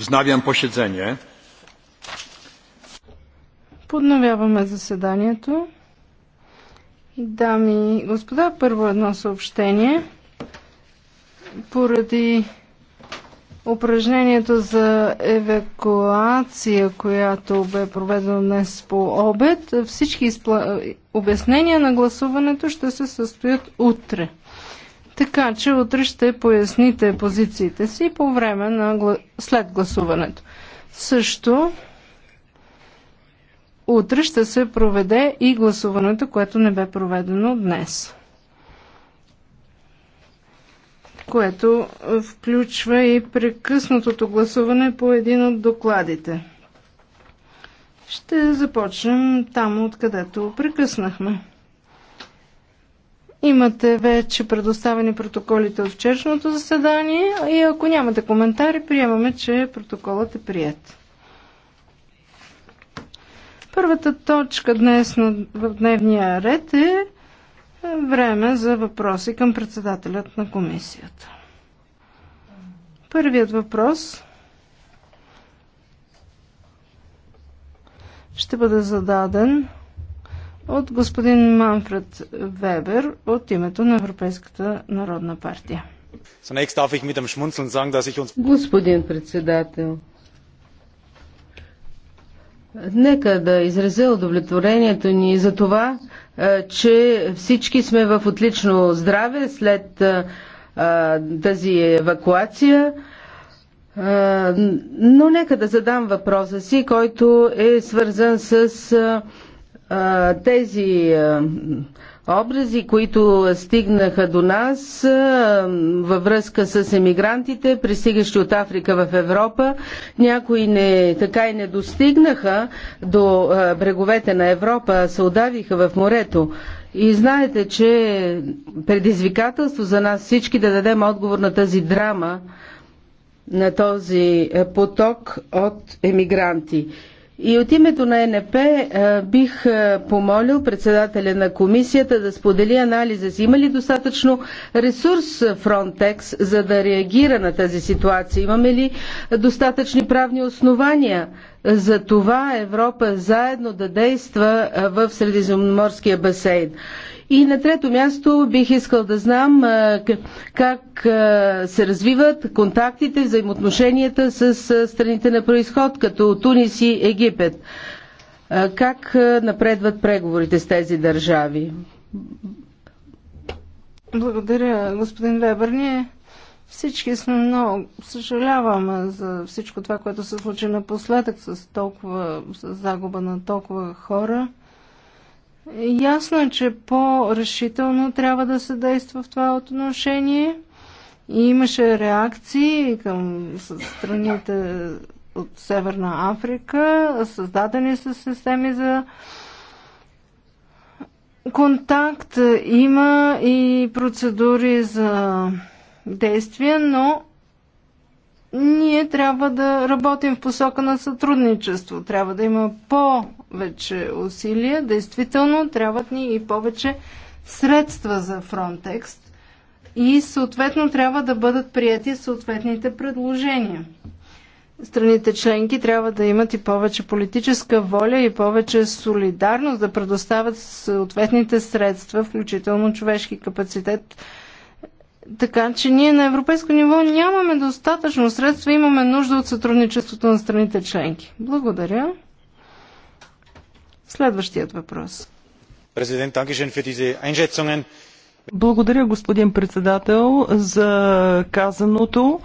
Wznawiam posiedzenie. Подновяваме заседанието. Дами и господа, първо едно съобщение. Поради упражнението за евакуация, която бе проведено днес по обед, всички изпла... обяснения на гласуването ще се състоят утре. Така че утре ще поясните позициите си по време на след гласуването. Също утре ще се проведе и гласуването, което не бе проведено днес. Което е, включва и прекъснатото гласуване по един от докладите. Ще започнем там, откъдето прекъснахме. Имате вече предоставени протоколите от вчерашното заседание и ако нямате коментари, приемаме, че протоколът е прият. Първата точка днес в дневния ред е време за въпроси към председателят на комисията. Първият въпрос ще бъде зададен от господин Манфред Вебер от името на Европейската народна партия. Господин председател, нека да изразя удовлетворението ни за това, е, че всички сме в отлично здраве след е, е, тази евакуация. Но нека да задам въпроса си, който е свързан с тези образи, които стигнаха до нас във връзка с емигрантите, пристигащи от Африка в Европа. Някои не, така и не достигнаха до бреговете на Европа, а се удавиха в морето. И знаете, че предизвикателство за нас всички да дадем отговор на тази драма, на този е, поток от емигранти. И от името на НП е, бих е, помолил председателя на комисията да сподели анализа си. Има ли достатъчно ресурс е, Frontex за да реагира на тази ситуация? Имаме ли достатъчни правни основания за това Европа заедно да действа в Средиземноморския басейн? И на трето място бих искал да знам как се развиват контактите, взаимоотношенията с страните на происход, като Тунис и Египет. Как напредват преговорите с тези държави? Благодаря, господин Вебер. Ние всички сме много съжаляваме за всичко това, което се случи напоследък с толкова с загуба на толкова хора. Ясно е, че по-решително трябва да се действа в това отношение. И имаше реакции към страните от Северна Африка, създадени са системи за контакт, има и процедури за действие, но ние трябва да работим в посока на сътрудничество. Трябва да има повече усилия. Действително, трябват ни и повече средства за Frontex. И съответно трябва да бъдат прияти съответните предложения. Страните членки трябва да имат и повече политическа воля и повече солидарност да предоставят съответните средства, включително човешки капацитет, така че ние на европейско ниво нямаме достатъчно средства, имаме нужда от сътрудничеството на страните членки. Благодаря. Следващият въпрос. Президент, благодаря, господин председател, за казаното.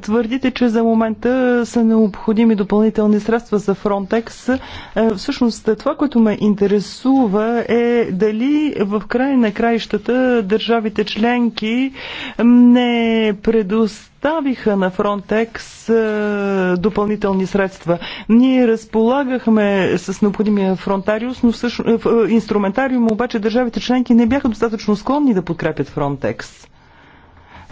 Твърдите, че за момента са необходими допълнителни средства за Frontex. Е, всъщност, това, което ме интересува е дали в край на краищата държавите членки не предоставят предоставиха на Фронтекс допълнителни средства. Ние разполагахме с необходимия фронтариус, но всъщност е, е, инструментариум, обаче държавите членки не бяха достатъчно склонни да подкрепят Фронтекс.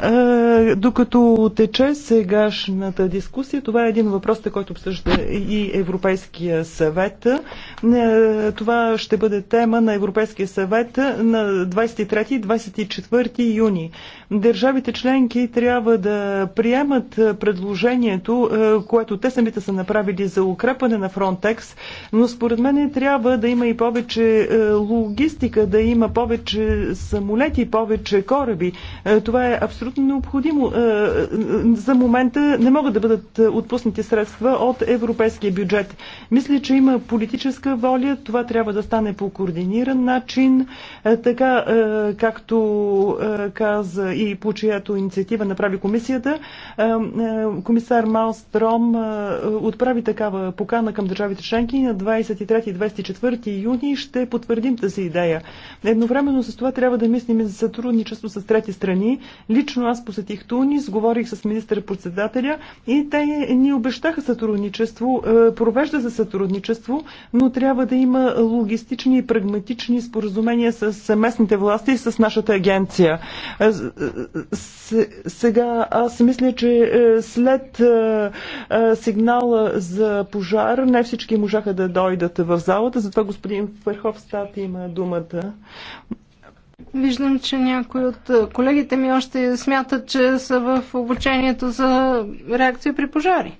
Е, докато тече сегашната дискусия, това е един въпрос, който обсъжда и Европейския съвет. Е, това ще бъде тема на Европейския съвет на 23-24 юни. Държавите членки трябва да приемат предложението, е, което те самите са направили за укрепване на Frontex, но според мен трябва да има и повече логистика, да има повече самолети, повече кораби. Това е абсолютно абсолютно Необходимо е, е, за момента не могат да бъдат е, отпуснати средства от европейския бюджет. Мисля, че има политическа воля. Това трябва да стане по координиран начин, така както каза и по чиято инициатива направи комисията. Комисар Малстром отправи такава покана към държавите членки на 23 24 юни. Ще потвърдим тази идея. Едновременно с това трябва да мислим и за сътрудничество с трети страни. Лично лично аз посетих Тунис, говорих с министър-председателя и те ни обещаха сътрудничество, е, провежда се сътрудничество, но трябва да има логистични и прагматични споразумения с местните власти и с нашата агенция. Е, е, сега аз мисля, че след сигнала за пожар не всички можаха да дойдат в залата, затова господин стат има думата. Виждам, че някои от колегите ми още смятат, че са в обучението за реакция при пожари.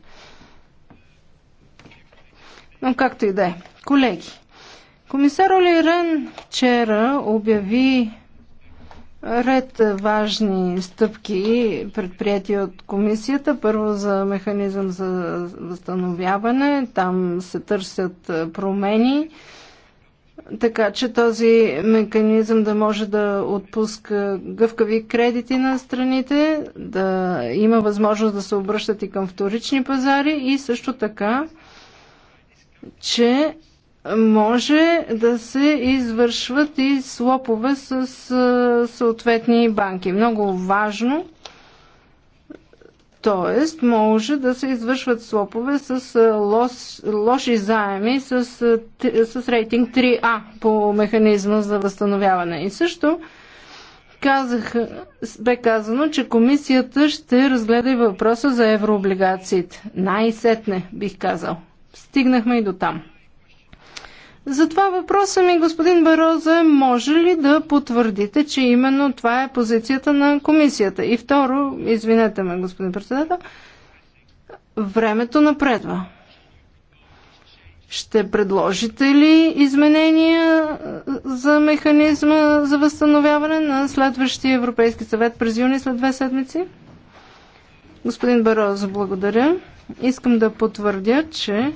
Но както и да е. Колеги, комисар Оли Рен вчера обяви ред важни стъпки, предприяти от комисията. Първо за механизъм за възстановяване. Там се търсят промени така че този механизъм да може да отпуска гъвкави кредити на страните, да има възможност да се обръщат и към вторични пазари и също така, че може да се извършват и слопове с съответни банки. Много важно Тоест, може да се извършват слопове с лош, лоши заеми с, с рейтинг 3А по механизма за възстановяване. И също казах, бе казано, че комисията ще разгледа и въпроса за еврооблигациите. Най-сетне, бих казал. Стигнахме и до там. Затова въпросът ми, господин Бароза, е може ли да потвърдите, че именно това е позицията на комисията? И второ, извинете ме, господин председател, времето напредва. Ще предложите ли изменения за механизма за възстановяване на следващия Европейски съвет през юни след две седмици? Господин Бароза, благодаря. Искам да потвърдя, че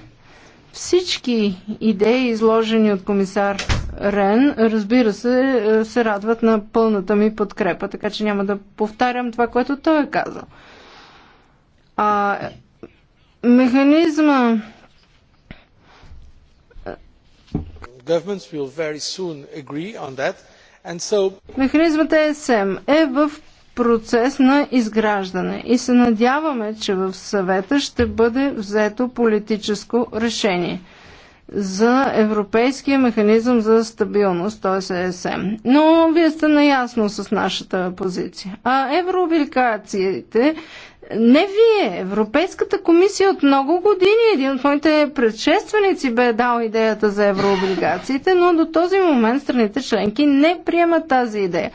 всички идеи, изложени от комисар Рен, разбира се, е, се радват на пълната ми подкрепа, така че няма да повтарям това, което той е казал. А механизма Механизмът ЕСМ е в процес на изграждане и се надяваме, че в съвета ще бъде взето политическо решение за Европейския механизъм за стабилност, т.е. ЕСМ. Но вие сте наясно с нашата позиция. А еврообликациите, не вие, Европейската комисия от много години, един от моите предшественици бе дал идеята за еврооблигациите, но до този момент страните членки не приемат тази идея.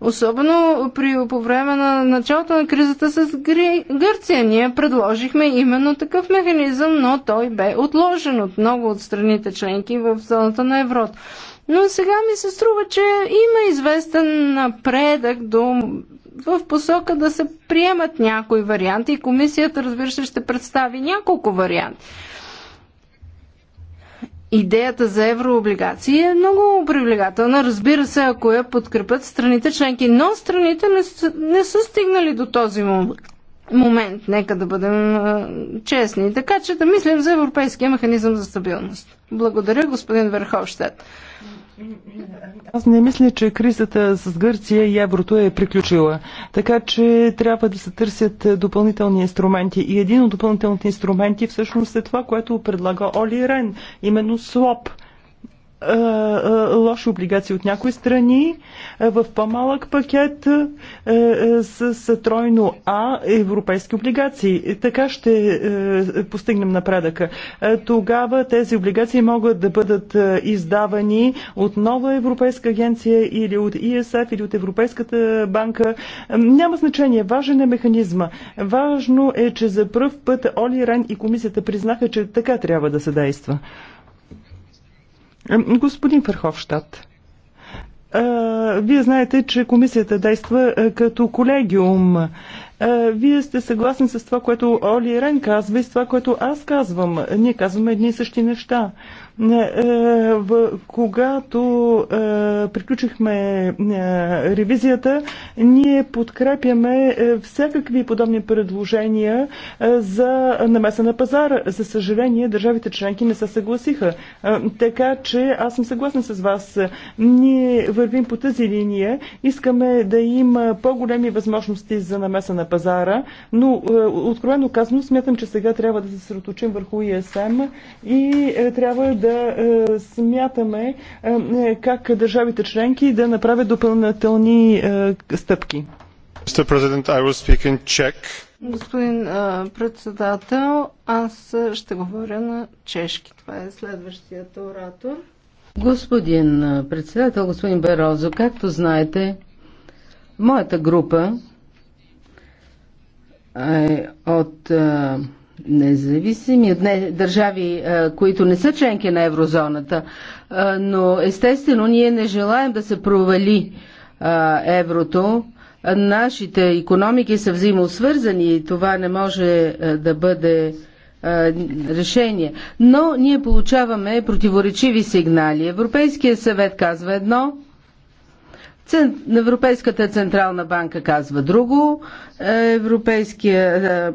Особено при, по време на началото на кризата с Гри... Гърция. Ние предложихме именно такъв механизъм, но той бе отложен от много от страните членки в зоната на Европа. Но сега ми се струва, че има известен напредък до в посока да се приемат някои варианти и комисията, разбира се, ще представи няколко варианти идеята за еврооблигации е много привлекателна. Разбира се, ако я подкрепят страните членки, но страните не са, не са стигнали до този момент. Нека да бъдем а, честни. Така че да мислим за Европейския механизъм за стабилност. Благодаря, господин Верховщет. Аз не мисля, че кризата с Гърция и еврото е приключила. Така че трябва да се търсят допълнителни инструменти. И един от допълнителните инструменти всъщност е това, което предлага Оли Рен, именно СЛОП лоши облигации от някои страни в по-малък пакет с тройно А европейски облигации. Така ще постигнем напредъка. Тогава тези облигации могат да бъдат издавани от нова Европейска агенция или от ИСФ или от Европейската банка. Няма значение. Важен е механизма. Важно е, че за първ път Оли Рен и комисията признаха, че така трябва да се действа. Господин Ферховщад, вие знаете, че комисията действа като колегиум. Вие сте съгласни с това, което Оли Рен казва и с това, което аз казвам. Ние казваме едни и същи неща. Е, когато е, приключихме е, ревизията, ние подкрепяме всякакви подобни предложения за намеса на пазара. За съжаление, държавите членки не се съгласиха. Така че аз съм съгласна с вас. Ние вървим по тази линия. Искаме да има по-големи възможности за намеса на пазара, но откровено казано смятам, че сега трябва да се съсредоточим върху ИСМ и трябва да да е, смятаме е, е, как държавите членки да направят допълнителни стъпки. Господин председател, аз ще говоря на чешки. Това е следващият оратор. Господин председател, господин Берозо, както знаете, моята група е от независими не, държави, е, които не са членки на еврозоната, е, но естествено ние не желаем да се провали е, еврото. Нашите економики са взаимосвързани и това не може да бъде решение. Но ние получаваме противоречиви сигнали. Европейския съвет казва едно, Европейската централна банка казва друго, Европейския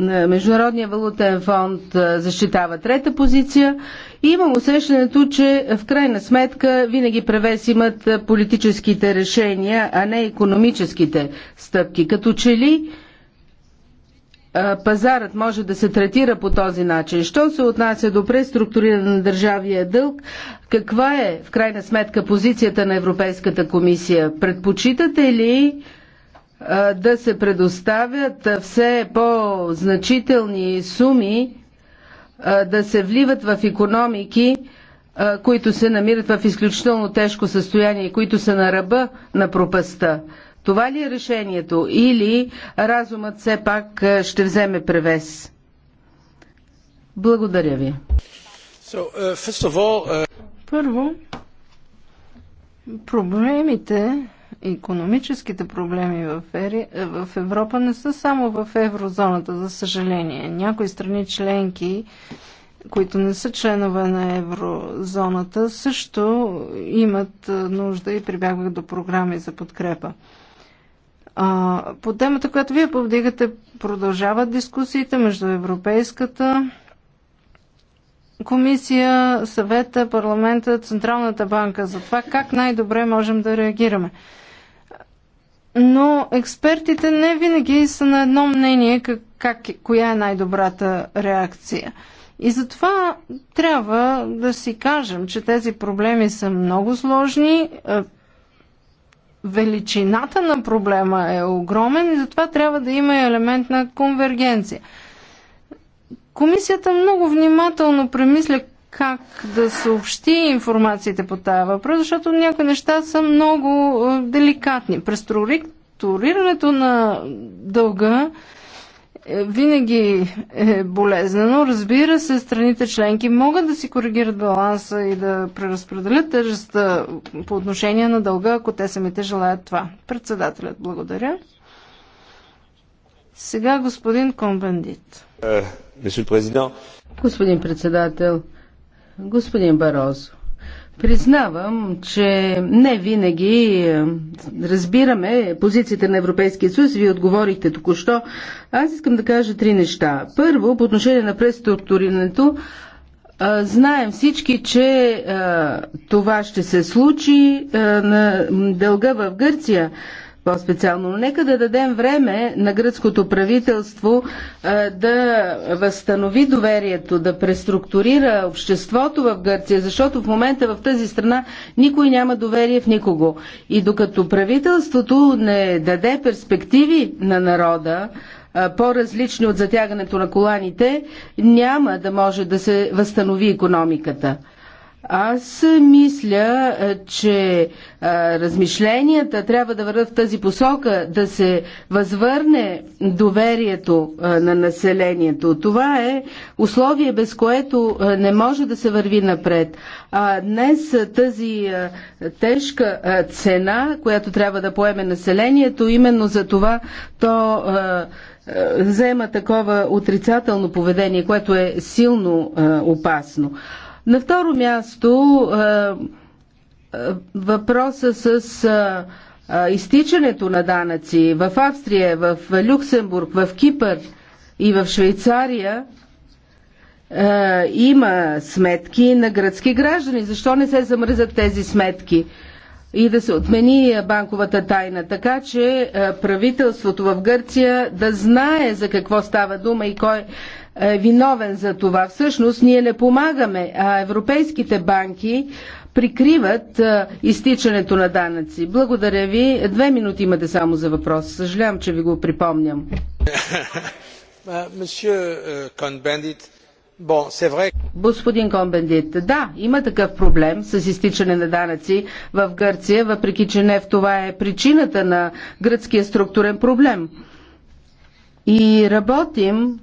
Международния валутен фонд защитава трета позиция и имам усещането, че в крайна сметка винаги превес имат политическите решения, а не економическите стъпки. Като че ли пазарът може да се третира по този начин. Що се отнася до преструктуриране на държавия дълг, каква е в крайна сметка позицията на Европейската комисия? Предпочитате ли да се предоставят все по-значителни суми, да се вливат в економики, които се намират в изключително тежко състояние и които са на ръба на пропаста. Това ли е решението или разумът все пак ще вземе превес? Благодаря ви. So, uh, all, uh... Първо, проблемите Економическите проблеми в, Европа не са само в еврозоната, за съжаление. Някои страни членки, които не са членове на еврозоната, също имат нужда и прибягват до програми за подкрепа. по темата, която вие повдигате, продължават дискусиите между Европейската комисия, съвета, парламента, Централната банка за това как най-добре можем да реагираме но експертите не винаги са на едно мнение как, как, коя е най-добрата реакция. И затова трябва да си кажем, че тези проблеми са много сложни, е, величината на проблема е огромен и затова трябва да има и елемент на конвергенция. Комисията много внимателно премисля как да съобщи информациите по тази въпрос, защото някои неща са много е, деликатни. Преструктурирането на дълга е, винаги е болезнено. Разбира се, страните членки могат да си коригират баланса и да преразпределят тежестта по отношение на дълга, ако те самите желаят това. Председателят, благодаря. Сега господин Комбандит. Е, господин председател, Господин Барозо, признавам, че не винаги е, разбираме позицията на Европейския съюз. Вие отговорихте току-що. Аз искам да кажа три неща. Първо, по отношение на преструктурирането, е, Знаем всички, че е, това ще се случи на дълга в Гърция по-специално. Нека да дадем време на гръцкото правителство да възстанови доверието, да преструктурира обществото в Гърция, защото в момента в тази страна никой няма доверие в никого. И докато правителството не даде перспективи на народа, по-различни от затягането на коланите, няма да може да се възстанови економиката. Аз мисля, е, че а, е, размишленията трябва да върват в тази посока, да се възвърне доверието а, е, на населението. Това е условие, без което а, не може да се върви напред. А днес а, тази а, тежка а, цена, която трябва да поеме населението, именно за това то. А, взема такова отрицателно поведение, което е силно опасно. На второ място е, е, въпроса с е, изтичането на данъци в Австрия, в Люксембург, в Кипър и в Швейцария има сметки на гръцки граждани. Защо не се замръзат тези сметки? И да се отмени банковата тайна, така че правителството в Гърция да знае за какво става дума и кой е виновен за това. Всъщност ние не помагаме, а европейските банки прикриват е, изтичането на данъци. Благодаря ви. Две минути имате само за въпрос. Съжалявам, че ви го припомням. Е, Господин Конбендит, да, има такъв проблем с изтичане на данъци в Гърция, въпреки че не в това е причината на гръцкия структурен проблем. И работим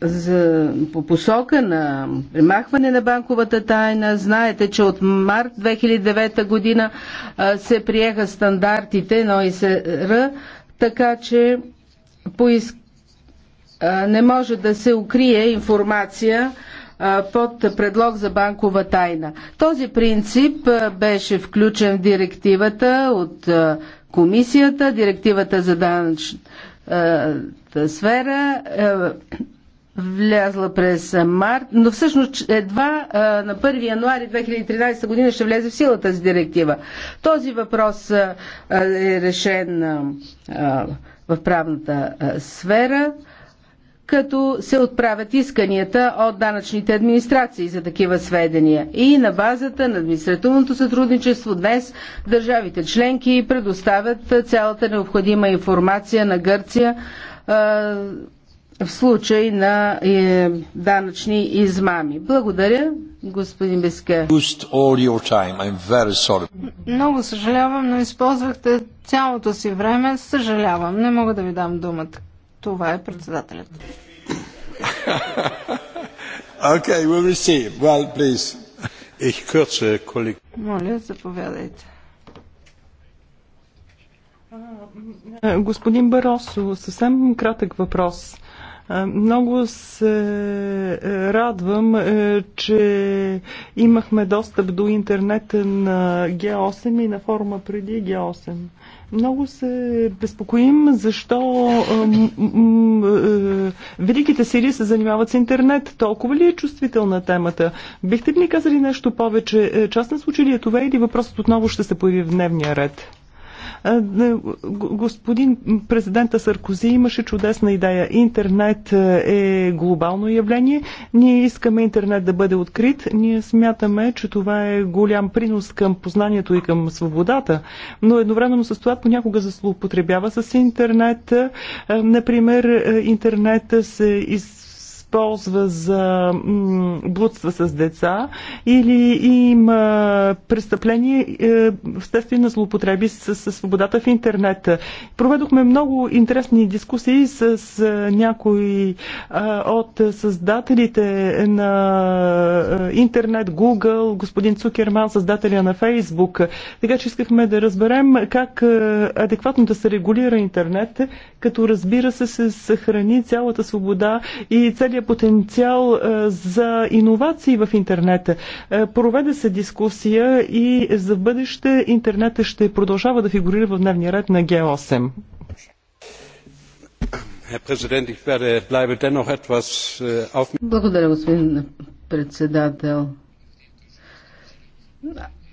за, по посока на примахване на банковата тайна. Знаете, че от март 2009 година се приеха стандартите на ОИСР, така че поиск, не може да се укрие информация под предлог за банкова тайна. Този принцип беше включен в директивата от комисията, директивата за данъчна е, сфера, е, влязла през март, но всъщност едва е, на 1 януари 2013 година ще влезе в сила тази директива. Този въпрос е решен в правната сфера като се отправят исканията от данъчните администрации за такива сведения. И на базата на административното сътрудничество днес държавите членки предоставят цялата необходима информация на Гърция в случай на е, данъчни измами. Благодаря, господин Беске. Много съжалявам, но използвахте цялото си време. Съжалявам, не мога да ви дам думата. Това е председателят. Okay, we'll receive. Well, please. Ich kürze, kollege. Моля, заповядайте. Господин Баросо, съвсем кратък въпрос. Много се е, радвам, е, че имахме достъп до интернета на Г8 и на форума преди Г8. Много се безпокоим защо е, великите сили се занимават с интернет. Толкова ли е чувствителна темата? Бихте ли ни казали нещо повече? Е, на случай ли е това или въпросът отново ще се появи в дневния ред? Е, е, господин президента Саркози имаше чудесна идея. Интернет е, е глобално явление. Ние искаме интернет да бъде открит. Ние смятаме, че това е голям принос към познанието и към свободата. Но едновременно с това понякога се злоупотребява с интернет. Например, интернет се из използва за блудства с деца или има престъпление е, вследствие на злоупотреби с, с свободата в интернет. Проведохме много интересни дискусии с някои е, от създателите на е, интернет, Google, господин Цукерман, създателя на Facebook. Така че искахме да разберем как адекватно да се регулира интернет, като разбира се се съхрани цялата свобода и целият отваря потенциал е, за иновации в интернета. Е, проведе се дискусия и за бъдеще интернета ще продължава да фигурира в дневния ред на Г8. Äh, Благодаря, господин председател.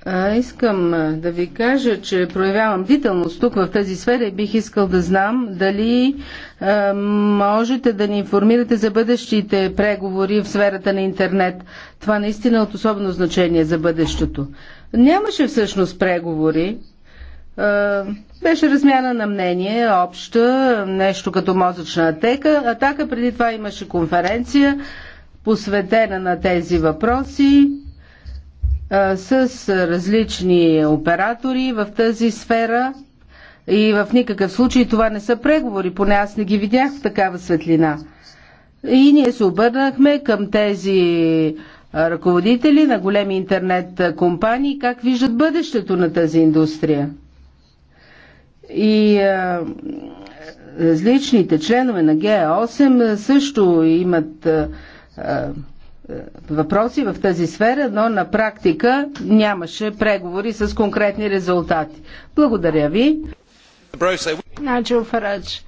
А, искам да ви кажа, че проявявам бдителност тук в тази сфера и бих искал да знам дали а, можете да ни информирате за бъдещите преговори в сферата на интернет. Това наистина е от особено значение за бъдещето. Нямаше всъщност преговори. А, беше размяна на мнение, обща, нещо като мозъчна атека. Атака преди това имаше конференция, посветена на тези въпроси с различни оператори в тази сфера и в никакъв случай това не са преговори, поне аз не ги видях в такава светлина. И ние се обърнахме към тези ръководители на големи интернет компании, как виждат бъдещето на тази индустрия. И а, различните членове на Г8 също имат а, въпроси в тази сфера, но на практика нямаше преговори с конкретни резултати. Благодаря ви. Начал Фарадж,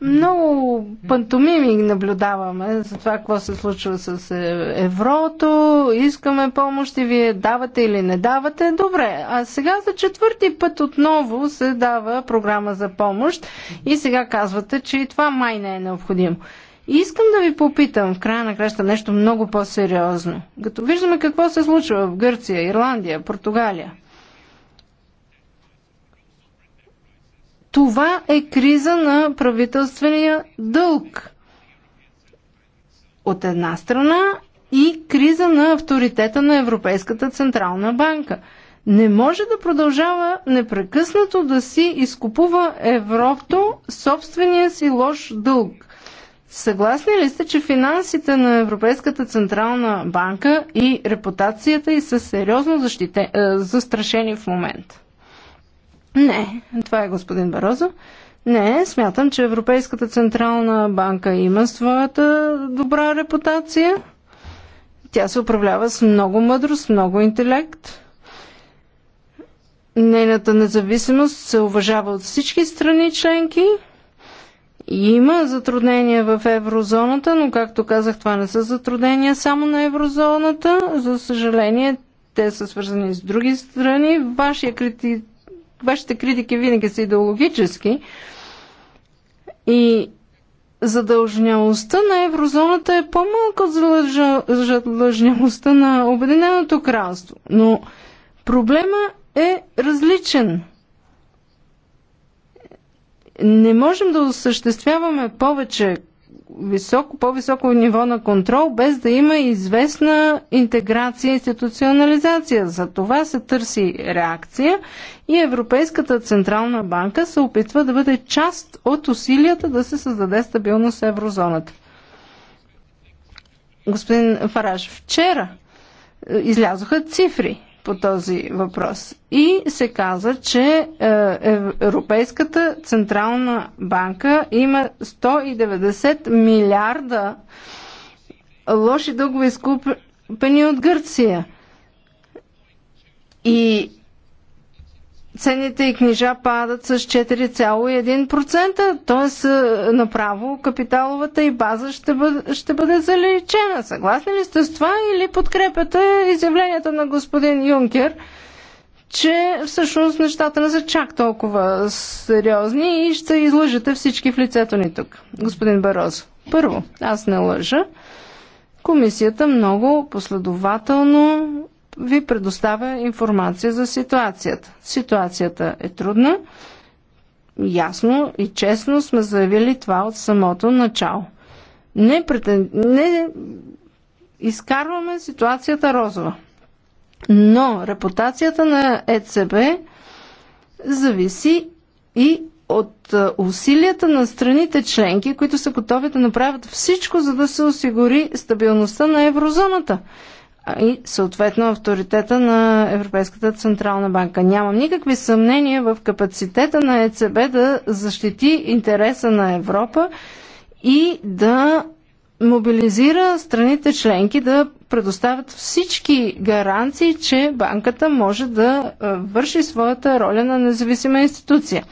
много пантомими наблюдаваме за това какво се случва с еврото, искаме помощ и вие давате или не давате. Добре, а сега за четвърти път отново се дава програма за помощ и сега казвате, че и това май не е необходимо. И искам да ви попитам, в края на краща, нещо много по-сериозно. Като виждаме какво се случва в Гърция, Ирландия, Португалия, това е криза на правителствения дълг. От една страна и криза на авторитета на Европейската Централна банка. Не може да продължава непрекъснато да си изкупува еврото собствения си лош дълг. Съгласни ли сте, че финансите на Европейската централна банка и репутацията й са сериозно защите, е, застрашени в момента? Не, това е господин Барозо. Не, смятам, че Европейската централна банка има своята добра репутация. Тя се управлява с много мъдрост, много интелект. Нейната независимост се уважава от всички страни членки – има затруднения в еврозоната, но както казах, това не са затруднения само на еврозоната. За съжаление, те са свързани с други страни. Вашия крити... Вашите критики винаги са идеологически. И задължнялостта на еврозоната е по-малка от задължнялостта на Обединеното кралство. Но проблема е различен – не можем да осъществяваме повече високо, по-високо ниво на контрол, без да има известна интеграция и институционализация. За това се търси реакция и Европейската Централна банка се опитва да бъде част от усилията да се създаде стабилност в еврозоната. Господин Фараж, вчера е, излязоха цифри по този въпрос. И се каза, че е, Европейската Централна банка има 190 милиарда лоши дългове изкупени от Гърция. И ценните и книжа падат с 4,1%, т.е. направо капиталовата и база ще бъде, ще бъде заличена. Съгласни ли сте с това или подкрепяте изявленията на господин Юнкер, че всъщност нещата не са чак толкова сериозни и ще излъжете всички в лицето ни тук, господин Барозо? Първо, аз не лъжа. Комисията много последователно ви предоставя информация за ситуацията. Ситуацията е трудна. Ясно и честно сме заявили това от самото начало. Не, претен... не изкарваме ситуацията розова. Но репутацията на ЕЦБ зависи и от усилията на страните членки, които са готови да направят всичко, за да се осигури стабилността на еврозоната и съответно авторитета на Европейската Централна банка. Нямам никакви съмнения в капацитета на ЕЦБ да защити интереса на Европа и да мобилизира страните членки да предоставят всички гаранции, че банката може да е, върши своята роля на независима институция.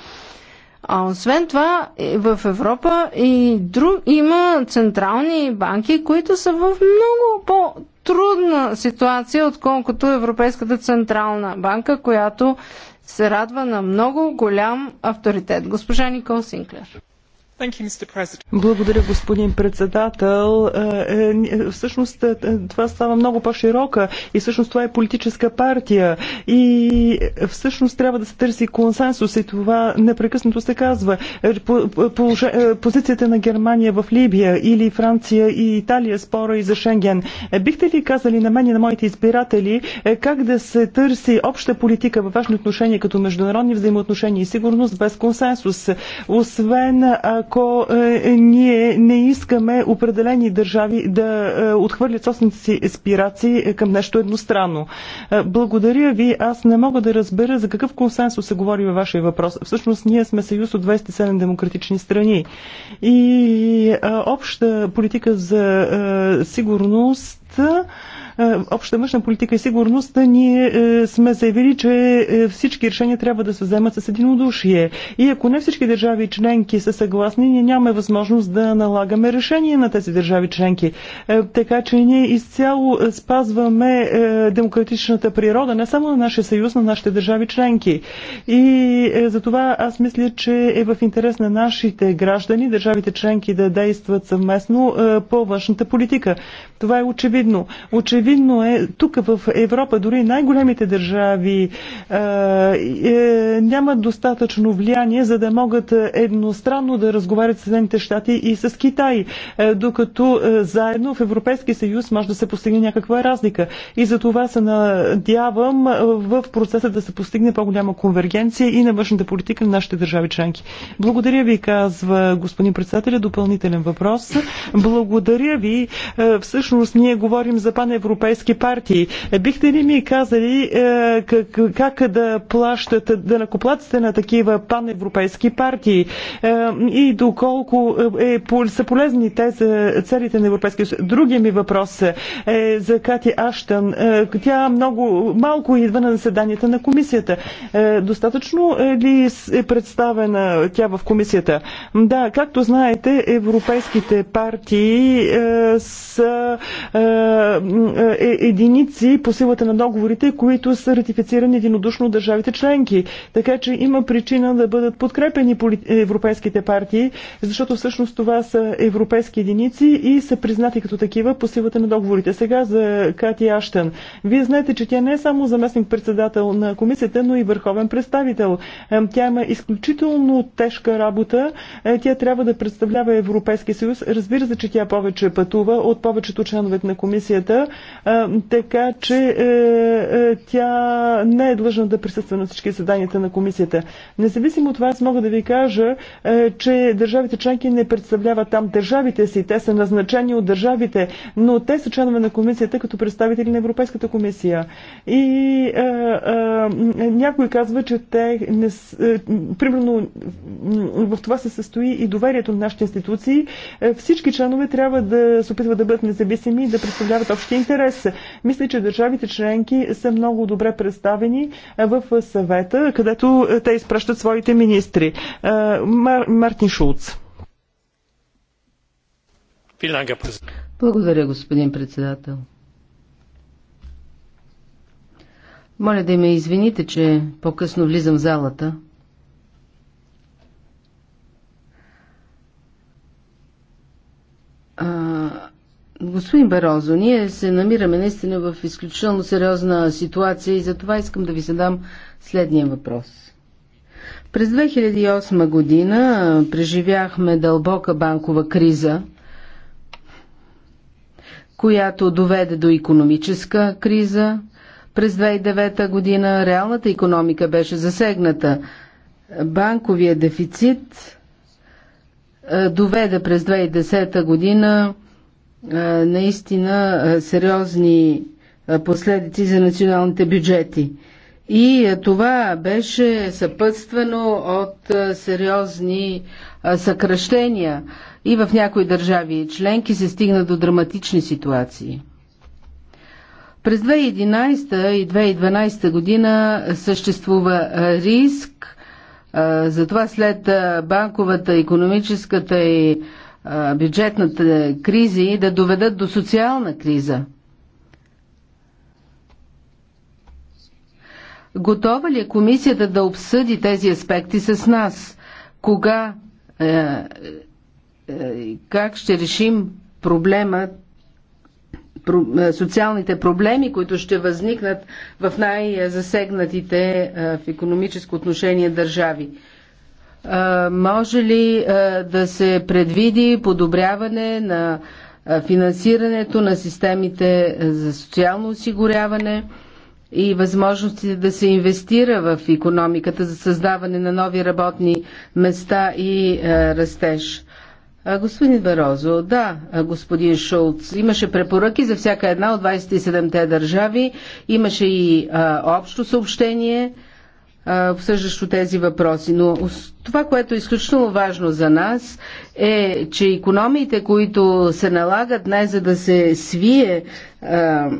А освен това, е, в Европа и друг, има централни банки, които са в много по трудна ситуация, отколкото Европейската Централна банка, която се радва на много голям авторитет. Госпожа Никол Синклер. Благодаря, господин председател. Е, е, е, всъщност това става много по-широка и всъщност това е политическа партия и всъщност трябва да се търси консенсус и това непрекъснато се казва. Позицията на Германия в Либия или Франция и Италия спора и за Шенген. Бихте ли казали на мен и на моите избиратели как да се търси обща политика във важни отношения като международни взаимоотношения и сигурност без консенсус, освен ако ако е, е, ние не искаме определени държави да е, отхвърлят собствените си аспирации към нещо едностранно. Благодаря ви. Аз не мога да разбера за какъв консенсус се говори във вашия въпрос. Всъщност ние сме съюз от 27 демократични страни. И обща политика за сигурност е, обща външна политика и сигурност, ние е, сме заявили, че е, всички решения трябва да се вземат с единодушие. И ако не всички държави членки са съгласни, ние нямаме възможност да налагаме решение на тези държави членки. Така че ние изцяло спазваме демократичната природа, не само на нашия съюз, на нашите държави членки. И за това аз мисля, че е в интерес на нашите граждани, държавите членки да действат съвместно по външната политика. Това е очевидно. Очевидно Очевидно е, тук в Европа дори най-големите държави е, е, нямат достатъчно влияние, за да могат едностранно да разговарят с Съединените щати и с Китай, е, докато е, заедно в Европейския съюз може да се постигне някаква разлика. И за това се надявам е, в процеса да се постигне по-голяма конвергенция и на външната политика на нашите държави членки. Благодаря ви, казва господин председателя. Допълнителен въпрос. Благодаря ви. Е, всъщност ние говорим за паневропейски европейски партии. Е, бихте ли ми казали е, как, как да плащат да накоплаците на такива паневропейски партии е, и доколко е, са полезни те за целите на Европейския съюз? Другия ми въпрос е за Кати Аштън. Тя много малко идва на заседанията на комисията. Достатъчно ли е представена тя в комисията? Да, както знаете, европейските партии са е единици по силата на договорите, които са ратифицирани единодушно от държавите членки. Така че има причина да бъдат подкрепени европейските партии, защото всъщност това са европейски единици и са признати като такива по силата на договорите. Сега за Кати Аштен. Вие знаете, че тя не е само заместник-председател на комисията, но и върховен представител. Тя има изключително тежка работа. Е, тя трябва да представлява Европейския съюз. Разбира се, че тя повече пътува от повечето членовете на комисията така че е, е, тя не е длъжна да присъства на всички заданията на комисията. Независимо от вас, мога да ви кажа, е, че държавите членки не представляват там държавите си. Те са назначени от държавите, но те са членове на комисията като представители на Европейската комисия. И някой казва, че те не. А, примерно в това се състои и доверието на нашите институции. Всички членове трябва да се опитват да бъдат независими и да представляват общи интерес прогрес. Мисля, че държавите членки са много добре представени в съвета, където те изпращат своите министри. Мар... Мартин Шулц. Благодаря, господин председател. Моля да ме извините, че по-късно влизам в залата. А, Господин Барозо, ние се намираме наистина в изключително сериозна ситуация и затова искам да ви задам следния въпрос. През 2008 година преживяхме дълбока банкова криза, която доведе до економическа криза. През 2009 година реалната економика беше засегната. Банковия дефицит доведе през 2010 година наистина сериозни последици за националните бюджети. И това беше съпътствано от сериозни съкръщения и в някои държави и членки се стигна до драматични ситуации. През 2011 и 2012 година съществува риск, затова след банковата, економическата и бюджетната кризи да доведат до социална криза. Готова ли е комисията да обсъди тези аспекти с нас? Кога е, е, как ще решим проблема про, е, социалните проблеми, които ще възникнат в най-засегнатите е, в економическо отношение държави? Може ли да се предвиди подобряване на финансирането на системите за социално осигуряване и възможности да се инвестира в економиката за създаване на нови работни места и растеж? Господин Барозо, да, господин Шулц, имаше препоръки за всяка една от 27-те държави, имаше и а, общо съобщение обсъждащо тези въпроси. Но това, което е изключително важно за нас е, че економиите, които се налагат най за да се свие а,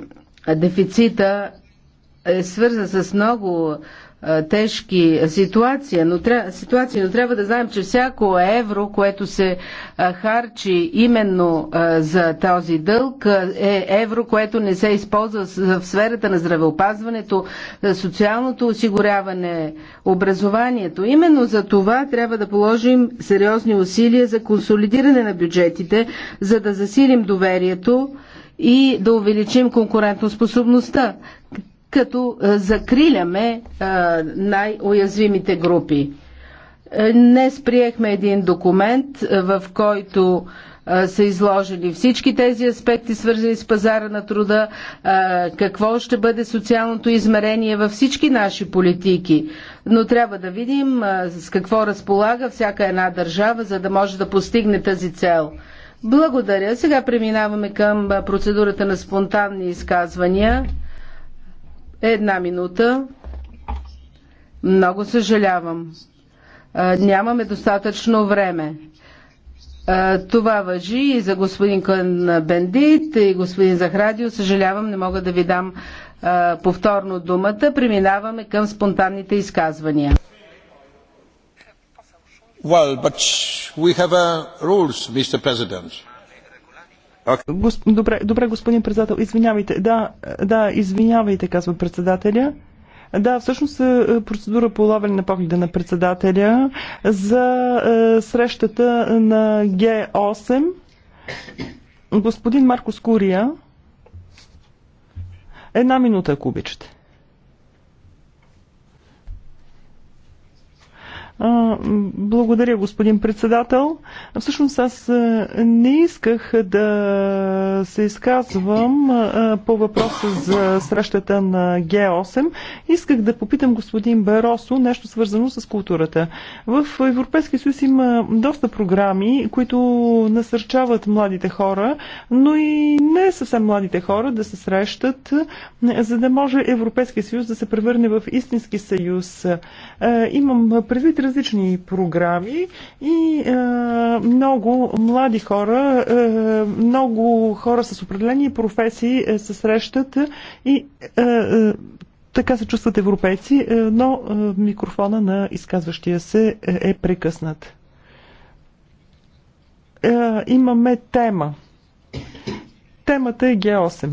дефицита, е свързан с много е, тежки ситуации, но, тря... ситуации, но трябва да знаем, че всяко евро, което се е, харчи именно е, за този дълг, е евро, което не се използва в сферата на здравеопазването, социалното осигуряване, образованието. Именно за това трябва да положим сериозни усилия за консолидиране на бюджетите, за да засилим доверието и да увеличим конкурентоспособността като е, закриляме е, най-уязвимите групи. Е, днес приехме един документ, в който са изложили всички тези аспекти, свързани с пазара на труда, какво ще бъде социалното измерение във всички наши политики. Но трябва да видим с какво разполага всяка една държава, за да може да постигне тази цел. Благодаря. Сега преминаваме към процедурата на спонтанни изказвания. Една минута. Много съжалявам. Нямаме достатъчно време. Това въжи и за господин Кън Бендит и господин Захрадио. Съжалявам, не мога да ви дам повторно думата. Преминаваме към спонтанните изказвания. Well, but we have a uh, rules, Mr. President. Гос... Добре, добре, господин председател, извинявайте. Да, да, извинявайте, казва председателя. Да, всъщност е, е, процедура по лавене на погледа на председателя за е, срещата на Г8. Господин Марко Скурия. Една минута, ако обичате. Благодаря, господин председател. Всъщност аз е, не исках да се изказвам е, по въпроса за срещата на Г8. Исках да попитам господин Баросо нещо свързано с културата. В Европейския съюз има доста програми, които насърчават младите хора, но и не съвсем младите хора да се срещат, за да може Европейския съюз да се превърне в истински съюз. Е, имам предвид различни програми прави и е, много млади хора, е, много хора с определени професии е, се срещат и е, е, така се чувстват европейци, е, но е, микрофона на изказващия се е, е прекъснат. Е, имаме тема. Темата е Г8.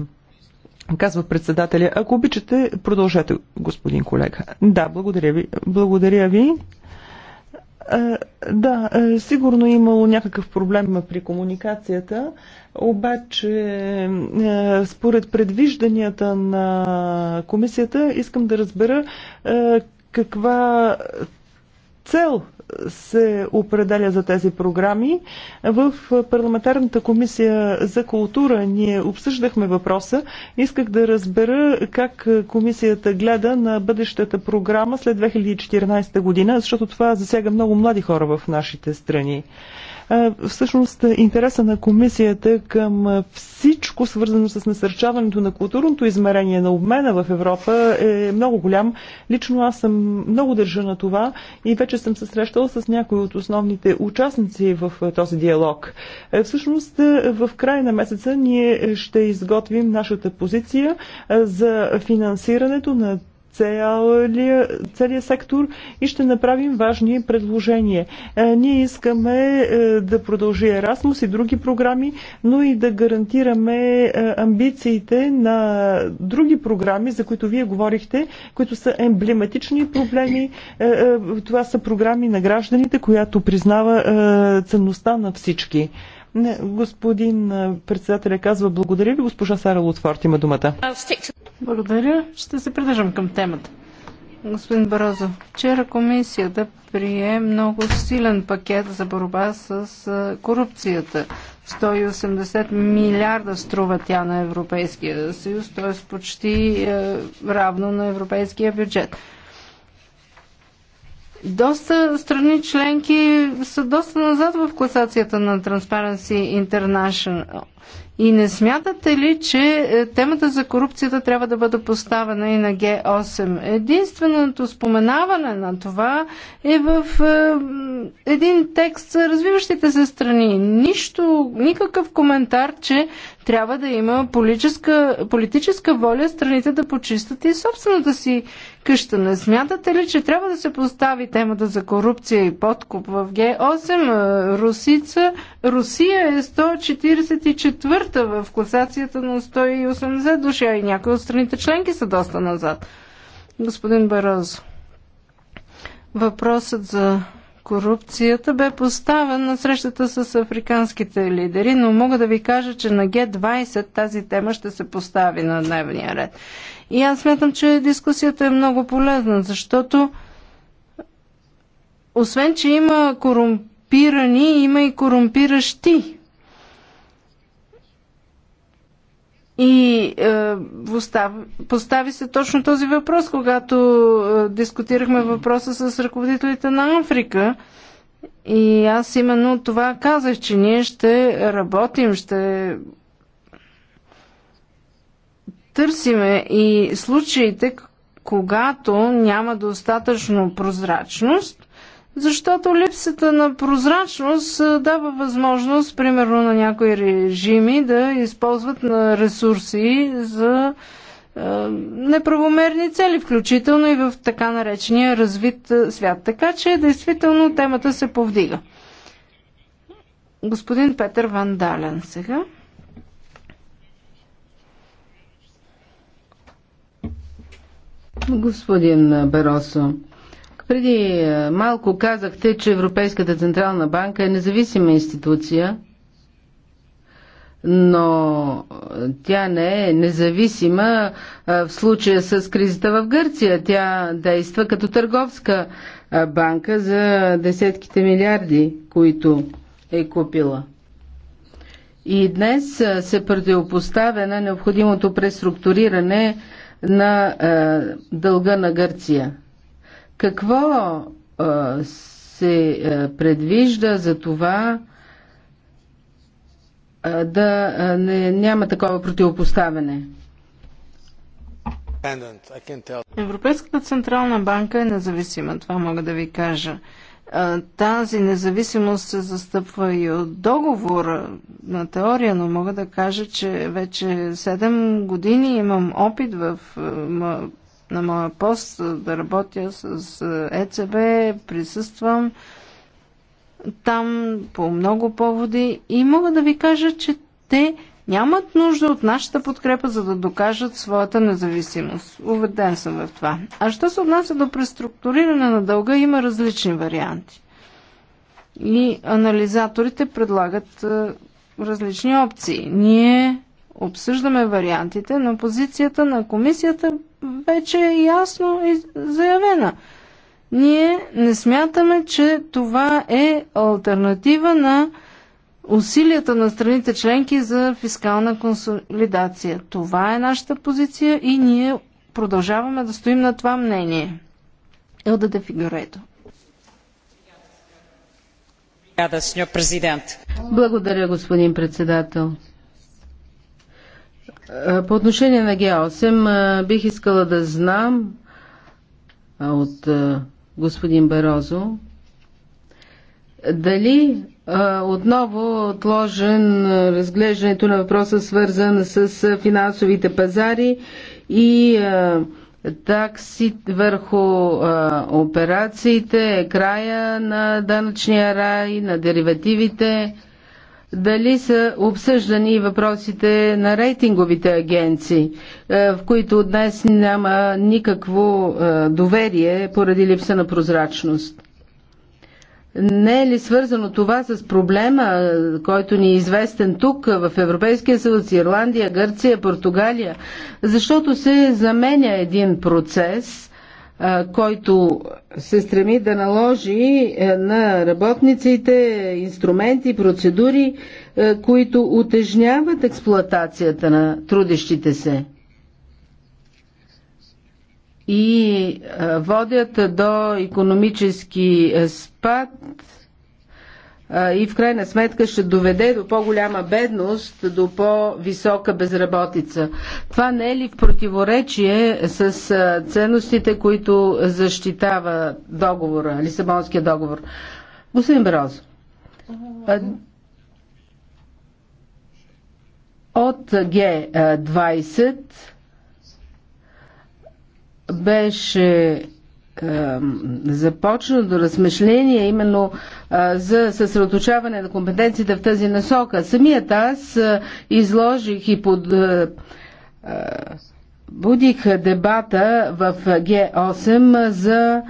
Казва председателя. Ако обичате, продължете, господин колега. Да, благодаря ви. Благодаря ви. Е, да, е, сигурно е имало някакъв проблем при комуникацията, обаче според предвижданията на комисията искам да разбера каква цел се определя за тези програми. В парламентарната комисия за култура ние обсъждахме въпроса. Исках да разбера как комисията гледа на бъдещата програма след 2014 година, защото това засяга много млади хора в нашите страни. Всъщност интереса на комисията към всичко свързано с насърчаването на културното измерение на обмена в Европа е много голям. Лично аз съм много държа на това и вече съм се срещала с някои от основните участници в този диалог. Всъщност в края на месеца ние ще изготвим нашата позиция за финансирането на целия, целия сектор и ще направим важни предложения. Е, ние искаме е, да продължи Ерасмус и други програми, но и да гарантираме е, амбициите на други програми, за които вие говорихте, които са емблематични проблеми. Това са програми на гражданите, която признава ценността на всички. Не, господин председателя казва благодаря ви. Госпожа Сара Лутфорд има думата. Благодаря. Ще се придържам към темата. Господин Барозов, вчера комисията прие много силен пакет за борба с корупцията. 180 милиарда струва тя на Европейския съюз, т.е. почти равно на европейския бюджет. Доста страни членки са доста назад в класацията на Transparency International. И не смятате ли, че е, темата за корупцията трябва да бъде поставена и на Г8? Единственото споменаване на това е в е, един текст за развиващите се страни. Нищо, никакъв коментар, че трябва да има политическа, политическа воля страните да почистат и собствената си къща. Не смятате ли, че трябва да се постави темата за корупция и подкуп в Г8? Русица, Русия е 144-та в класацията на 180 души, а и някои от страните членки са доста назад. Господин Барозо, въпросът за корупцията бе поставен на срещата с африканските лидери, но мога да ви кажа, че на Г20 тази тема ще се постави на дневния ред. И аз смятам, че дискусията е много полезна, защото освен, че има корумпирани, има и корумпиращи. И е, постави, постави се точно този въпрос, когато е, дискутирахме въпроса с ръководителите на Африка. И аз именно това казах, че ние ще работим, ще търсиме и случаите, когато няма достатъчно прозрачност защото липсата на прозрачност дава възможност, примерно, на някои режими да използват на ресурси за неправомерни цели, включително и в така наречения развит свят. Така че, действително, темата се повдига. Господин Петър Ван Дален сега. Господин Беросо, преди е, малко казахте, че Европейската Централна банка е независима институция, но е, тя не е независима е, в случая с кризата в Гърция. Тя действа като търговска банка за десетките милиарди, които е купила. И днес се противопоставя на необходимото преструктуриране на дълга на Гърция. Какво се предвижда за това да не, няма такова противопоставяне? Европейската централна банка е независима, това мога да ви кажа. Тази независимост се застъпва и от договора на теория, но мога да кажа, че вече 7 години имам опит в на моя пост, да работя с е, ЕЦБ, присъствам там по много поводи и мога да ви кажа, че те нямат нужда от нашата подкрепа, за да докажат своята независимост. Уведен съм в това. А що се отнася до преструктуриране на дълга, има различни варианти. И анализаторите предлагат е, различни опции. Ние обсъждаме вариантите, но позицията на комисията вече е ясно и заявена. Ние не смятаме, че това е альтернатива на усилията на страните членки за фискална консолидация. Това е нашата позиция и ние продължаваме да стоим на това мнение. Елда де Фигурето. Благодаря, господин председател. Е, по отношение на Г8 е, бих искала да знам от е, господин Берозо, дали отново отложен разглеждането на въпроса свързан с финансовите пазари и такси върху операциите, края на данъчния рай, на деривативите дали са обсъждани въпросите на рейтинговите агенции, е, в които днес няма никакво е, доверие поради липса на прозрачност. Не е ли свързано това с проблема, който ни е известен тук в Европейския съюз, Ирландия, Гърция, Португалия? Защото се заменя един процес, който се стреми да наложи е, на работниците инструменти, процедури, е, които утежняват експлоатацията на трудещите се и е, водят до економически спад и в крайна сметка ще доведе до по-голяма бедност, до по-висока безработица. Това не е ли в противоречие с ценностите, които защитава договора, Лисабонския договор? Господин Берозо, от Г20 беше започна до размишление именно за съсредоточаване на компетенциите в тази насока. Самият аз изложих и под будих дебата в Г8 за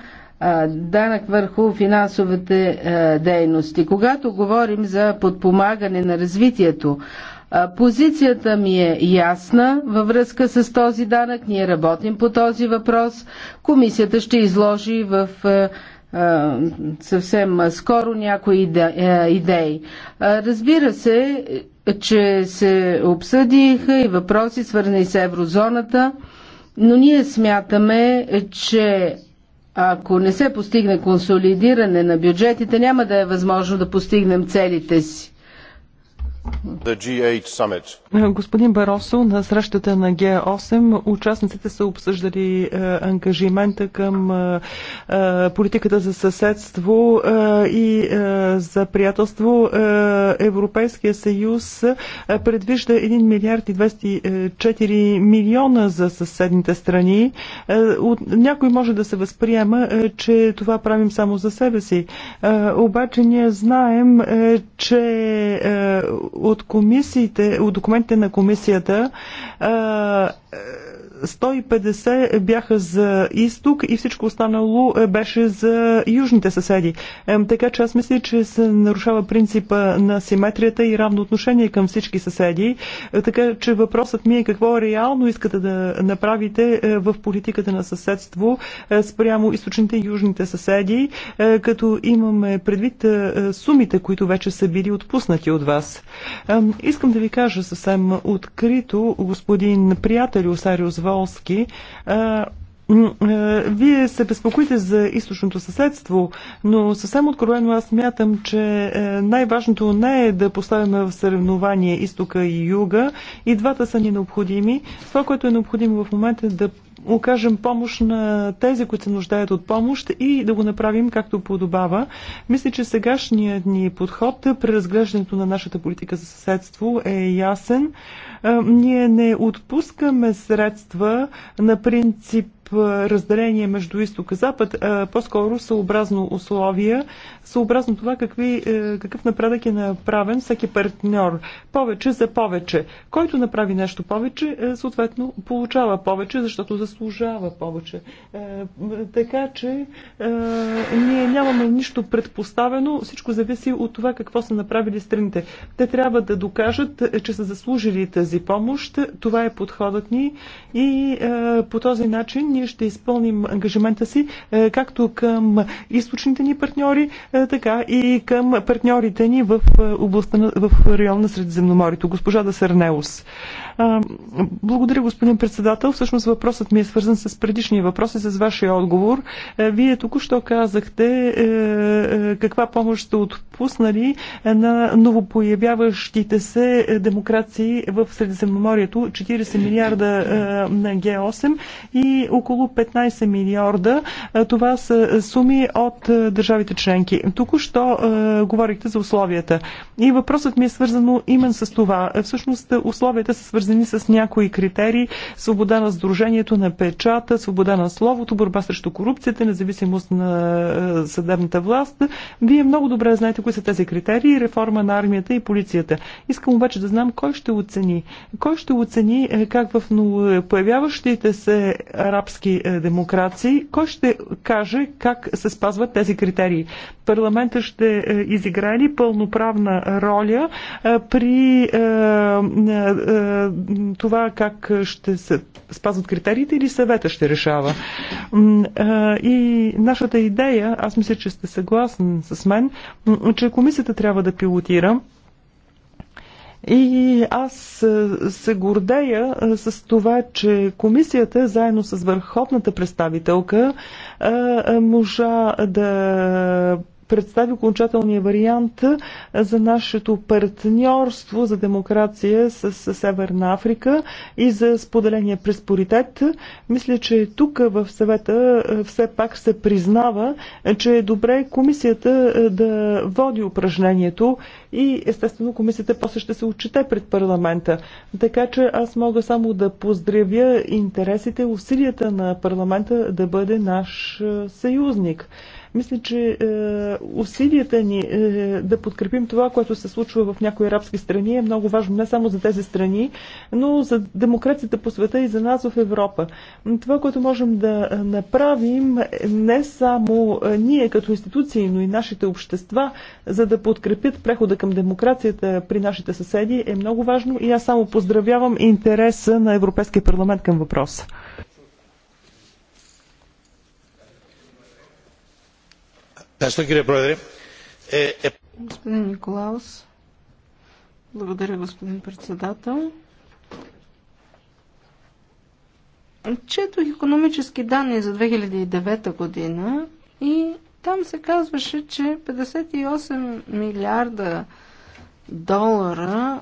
данък върху финансовите дейности. Когато говорим за подпомагане на развитието, Позицията ми е ясна във връзка с този данък. Ние работим по този въпрос. Комисията ще изложи в съвсем скоро някои идеи. Разбира се, че се обсъдиха и въпроси свързани с еврозоната, но ние смятаме, че ако не се постигне консолидиране на бюджетите, няма да е възможно да постигнем целите си. Господин Баросо, на срещата на Г8 участниците са обсъждали е, ангажимента към е, е, политиката за съседство и за приятелство. Европейския съюз предвижда 1 милиард и 204 милиона за съседните страни. Някой може да се възприема, че това правим само за себе си. Обаче ние знаем, че от комисиите, от документите на комисията 150 бяха за изток и всичко останало е, беше за южните съседи. Така че аз мисля, че се нарушава принципа на симетрията и равно отношение към всички съседи. Е, така че въпросът ми е какво реално искате да направите е, в политиката на съседство спрямо източните и южните съседи, като имаме предвид сумите, които вече са били отпуснати от вас. Искам да ви кажа съвсем открито, господин приятел Осариус Вол, а, Вие се безпокоите за източното съседство, но съвсем откровено аз мятам, че е, най-важното не е да поставяме в съревнование изтока и юга. И двата са ни необходими. Това, което е необходимо в момента е да окажем помощ на тези, които се нуждаят от помощ и да го направим както подобава. Мисля, че сегашният ни подход при разглеждането на нашата политика за съседство е ясен. Е, ние не отпускаме средства на принцип разделение между изток и запад, по-скоро съобразно условия, съобразно това какви, какъв напредък е направен всеки партньор. Повече за повече. Който направи нещо повече, съответно получава повече, защото заслужава повече. Така че ние нямаме нищо предпоставено, всичко зависи от това какво са направили страните. Те трябва да докажат, че са заслужили тази помощ. Това е подходът ни и по този начин ние ние ще изпълним ангажимента си е, както към източните ни партньори, е, така и към партньорите ни в, е, областта, в район на Средиземноморието. Госпожа Дасернеус. Благодаря, господин председател. Всъщност въпросът ми е свързан с предишния въпрос и с вашия отговор. Вие току-що казахте каква помощ сте отпуснали на новопоявяващите се демокрации в Средиземноморието. 40 милиарда на Г8 и около около 15 милиарда. Това са суми от държавите членки. Току-що е, говорихте за условията. И въпросът ми е свързано именно с това. Всъщност условията са свързани с някои критерии. Свобода на сдружението, на печата, свобода на словото, борба срещу корупцията, независимост на съдебната власт. Вие много добре знаете кои са тези критерии. Реформа на армията и полицията. Искам обаче да знам кой ще оцени. Кой ще оцени как в появяващите се арабски арабски е, демокрации, кой ще каже как се спазват тези критерии? Парламента ще е, изиграе ли пълноправна роля е, при това как ще се спазват критериите или съвета ще решава? И нашата идея, аз мисля, че сте съгласен с мен, че комисията трябва да пилотира и аз е, се гордея е, с това, че комисията, заедно с върховната представителка, е, можа да представи окончателния вариант за нашето партньорство за демокрация с Северна Африка и за споделения преспоритет. Мисля, че тук в съвета все пак се признава, че е добре комисията да води упражнението и естествено комисията после ще се отчете пред парламента. Така че аз мога само да поздравя интересите, усилията на парламента да бъде наш съюзник. Мисля, че е, усилията ни е, да подкрепим това, което се случва в някои арабски страни е много важно не само за тези страни, но за демокрацията по света и за нас в Европа. Това, което можем да е, направим е не само е, ние като институции, но и нашите общества, за да подкрепят прехода към демокрацията при нашите съседи е много важно и аз само поздравявам интереса на Европейския парламент към въпроса. Господин Николаус, благодаря, господин председател. Четох економически данни за 2009 година и там се казваше, че 58 милиарда долара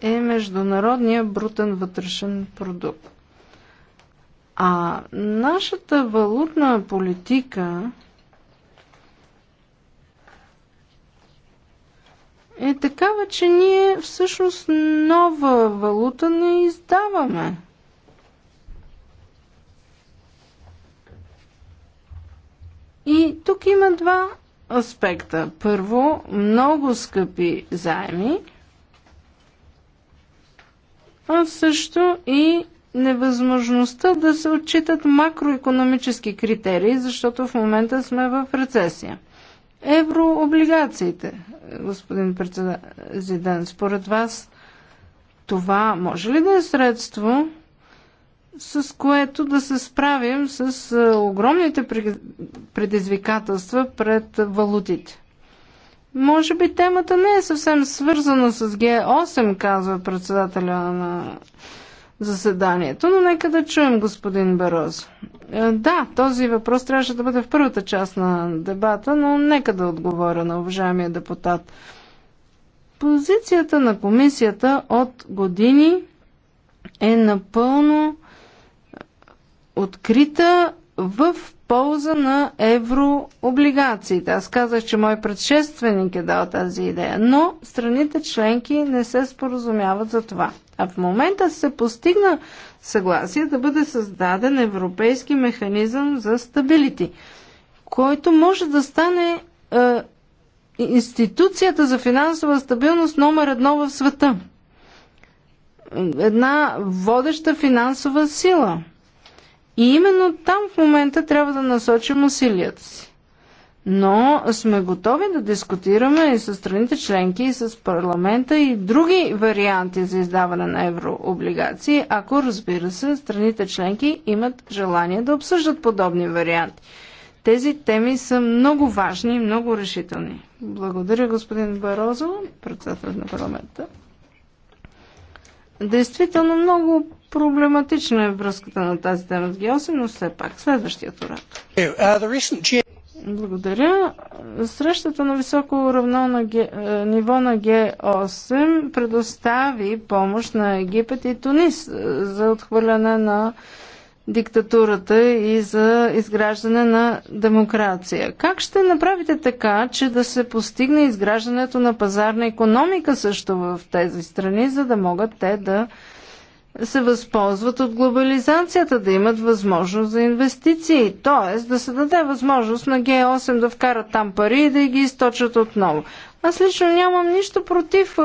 е международния брутен вътрешен продукт. А нашата валутна политика е такава, че ние всъщност нова валута не издаваме. И тук има два аспекта. Първо, много скъпи заеми, а също и невъзможността да се отчитат макроекономически критерии, защото в момента сме в рецесия. Еврооблигациите господин президент. Според вас това може ли да е средство, с което да се справим с е, огромните предизвикателства пред валутите? Може би темата не е съвсем свързана с Г8, казва председателя на заседанието, но нека да чуем господин Бероз. Е, да, този въпрос трябваше да бъде в първата част на дебата, но нека да отговоря на уважаемия депутат. Позицията на комисията от години е напълно открита в полза на еврооблигациите. Аз казах, че мой предшественик е дал тази идея, но страните членки не се споразумяват за това. А в момента се постигна съгласие да бъде създаден европейски механизъм за стабилити, който може да стане е, институцията за финансова стабилност номер едно в света. Една водеща финансова сила. И именно там в момента трябва да насочим усилията си но сме готови да дискутираме и с страните членки, и с парламента и други варианти за издаване на еврооблигации, ако разбира се, страните членки имат желание да обсъждат подобни варианти. Тези теми са много важни и много решителни. Благодаря, господин Барозо, председател на парламента. Действително много проблематична е връзката на тази тема с Г8, но все пак следващия урок. Е, благодаря. Срещата на високо равно на Г... Е, ниво на Г8 предостави помощ на Египет и Тунис е, за отхвърляне на диктатурата и за изграждане на демокрация. Как ще направите така, че да се постигне изграждането на пазарна економика също в тези страни, за да могат те да се възползват от глобализацията, да имат възможност за инвестиции. Тоест да се даде възможност на Г8 да вкарат там пари и да ги източат отново. Аз лично нямам нищо против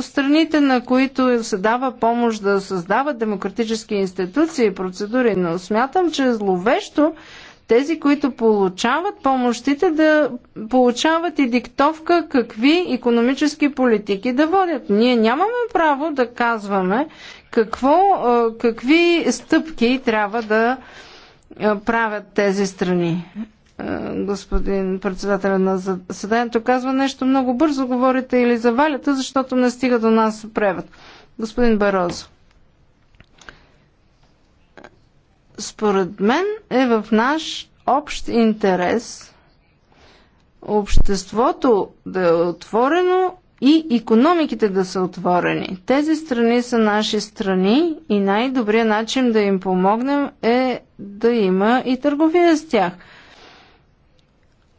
страните, на които се дава помощ да създават демократически институции и процедури, но смятам, че е зловещо тези, които получават помощите, да получават и диктовка какви економически политики да водят. Ние нямаме право да казваме какво, е, какви стъпки трябва да е, правят тези страни. Е, господин председател на съдението казва нещо много бързо, говорите или заваляте, защото не стига до нас превод. Господин Барозо. Според мен е в наш общ интерес обществото да е отворено и економиките да са отворени. Тези страни са наши страни и най-добрият начин да им помогнем е да има и търговия с тях.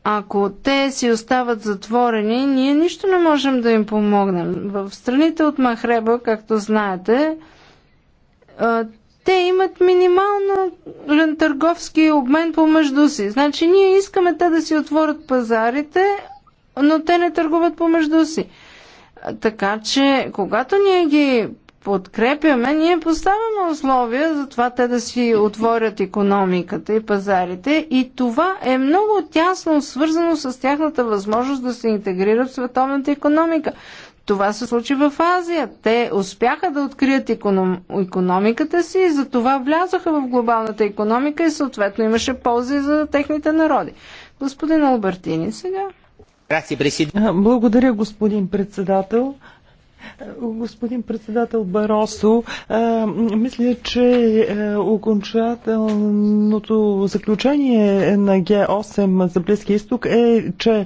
Ако те си остават затворени, ние нищо не можем да им помогнем. В страните от Махреба, както знаете, те имат минимално търговски обмен помежду си. Значи ние искаме те да си отворят пазарите, но те не търгуват помежду си. Така че, когато ние ги подкрепяме, ние поставяме условия за това те да си отворят економиката и пазарите и това е много тясно свързано с тяхната възможност да се интегрират в световната економика. Това се случи в Азия. Те успяха да открият економ... економиката си и затова влязоха в глобалната економика и съответно имаше ползи за техните народи. Господин Албертини сега. Благодаря, господин председател. Господин председател Баросо, мисля, че окончателното заключение на Г8 за Близкия изток е, че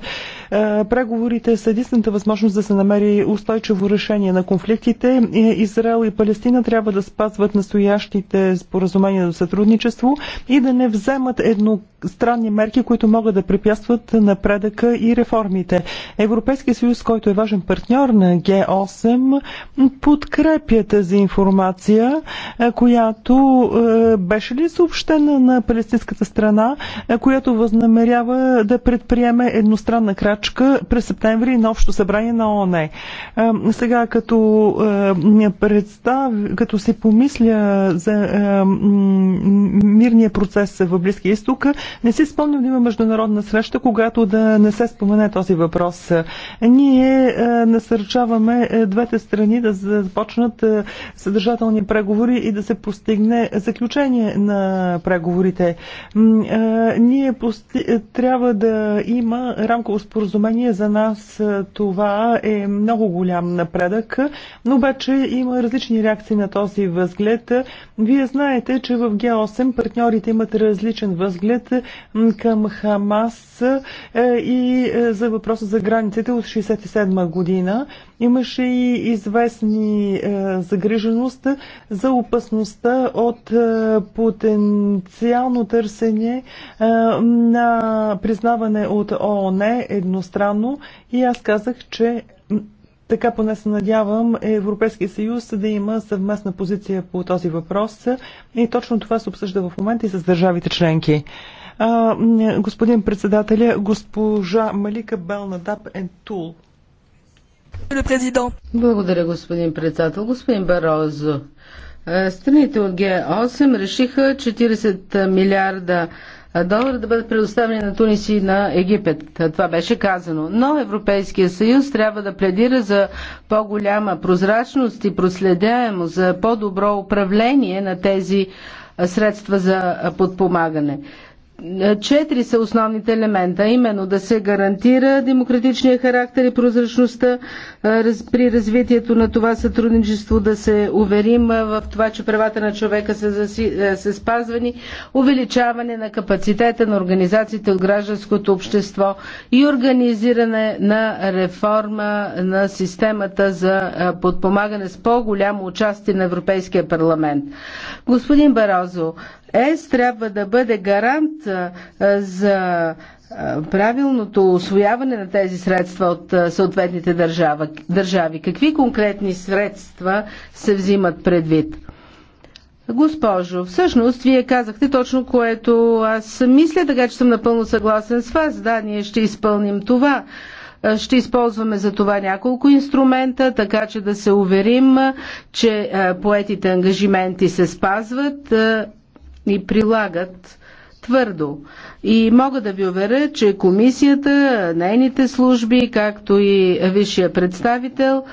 е, преговорите са единствената възможност да се намери устойчиво решение на конфликтите. Е, Израел и Палестина трябва да спазват настоящите споразумения за сътрудничество и да не вземат едностранни мерки, които могат да препятстват напредъка и реформите. Европейския съюз, който е важен партньор на Г8, подкрепя тази информация, е, която беше ли съобщена на палестинската страна, която възнамерява да предприеме едностранна крачка точка през септември на общо събрание на ООН. Сега, като, представ, като се помисля за мирния процес в Близкия изток, не си спомням да има международна среща, когато да не се спомене този въпрос. Ние е, насърчаваме е, двете страни да започнат е, съдържателни преговори и да се постигне заключение на преговорите. Ние пости... трябва да има рамково споразумение споразумение. За нас това е много голям напредък, но обаче има различни реакции на този възглед. Вие знаете, че в Г8 партньорите имат различен възглед към Хамас и за въпроса за границите от 1967 година. Имаше и известни загриженост за опасността от потенциално търсене на признаване от ООН е, едно странно и аз казах, че така поне се надявам Европейския съюз да има съвместна позиция по този въпрос и точно това се обсъжда в момента и с държавите членки. А, господин председателя, госпожа Малика Белнадап Ентул. Благодаря, господин председател. Господин Барозо, страните от Г8 решиха 40 милиарда долара да бъдат предоставени на Тунис и на Египет. Това беше казано. Но Европейския съюз трябва да пледира за по-голяма прозрачност и проследяемост, за по-добро управление на тези средства за подпомагане. Е, четири са основните елемента, именно да се гарантира демократичния характер и прозрачността е, при развитието на това сътрудничество, да се уверим е, в това, че правата на човека са, заси, са спазвани, увеличаване на капацитета на организациите от гражданското общество и организиране на реформа на системата за подпомагане с по-голямо участие на Европейския парламент. Господин Барозо, ЕС трябва да бъде гарант за правилното освояване на тези средства от съответните държава, държави. Какви конкретни средства се взимат предвид? Госпожо, всъщност вие казахте точно което аз мисля, така че съм напълно съгласен с вас. Да, ние ще изпълним това. Ще използваме за това няколко инструмента, така че да се уверим, че поетите ангажименти се спазват и прилагат твърдо. И мога да ви уверя, че комисията, нейните служби, както и висшия представител,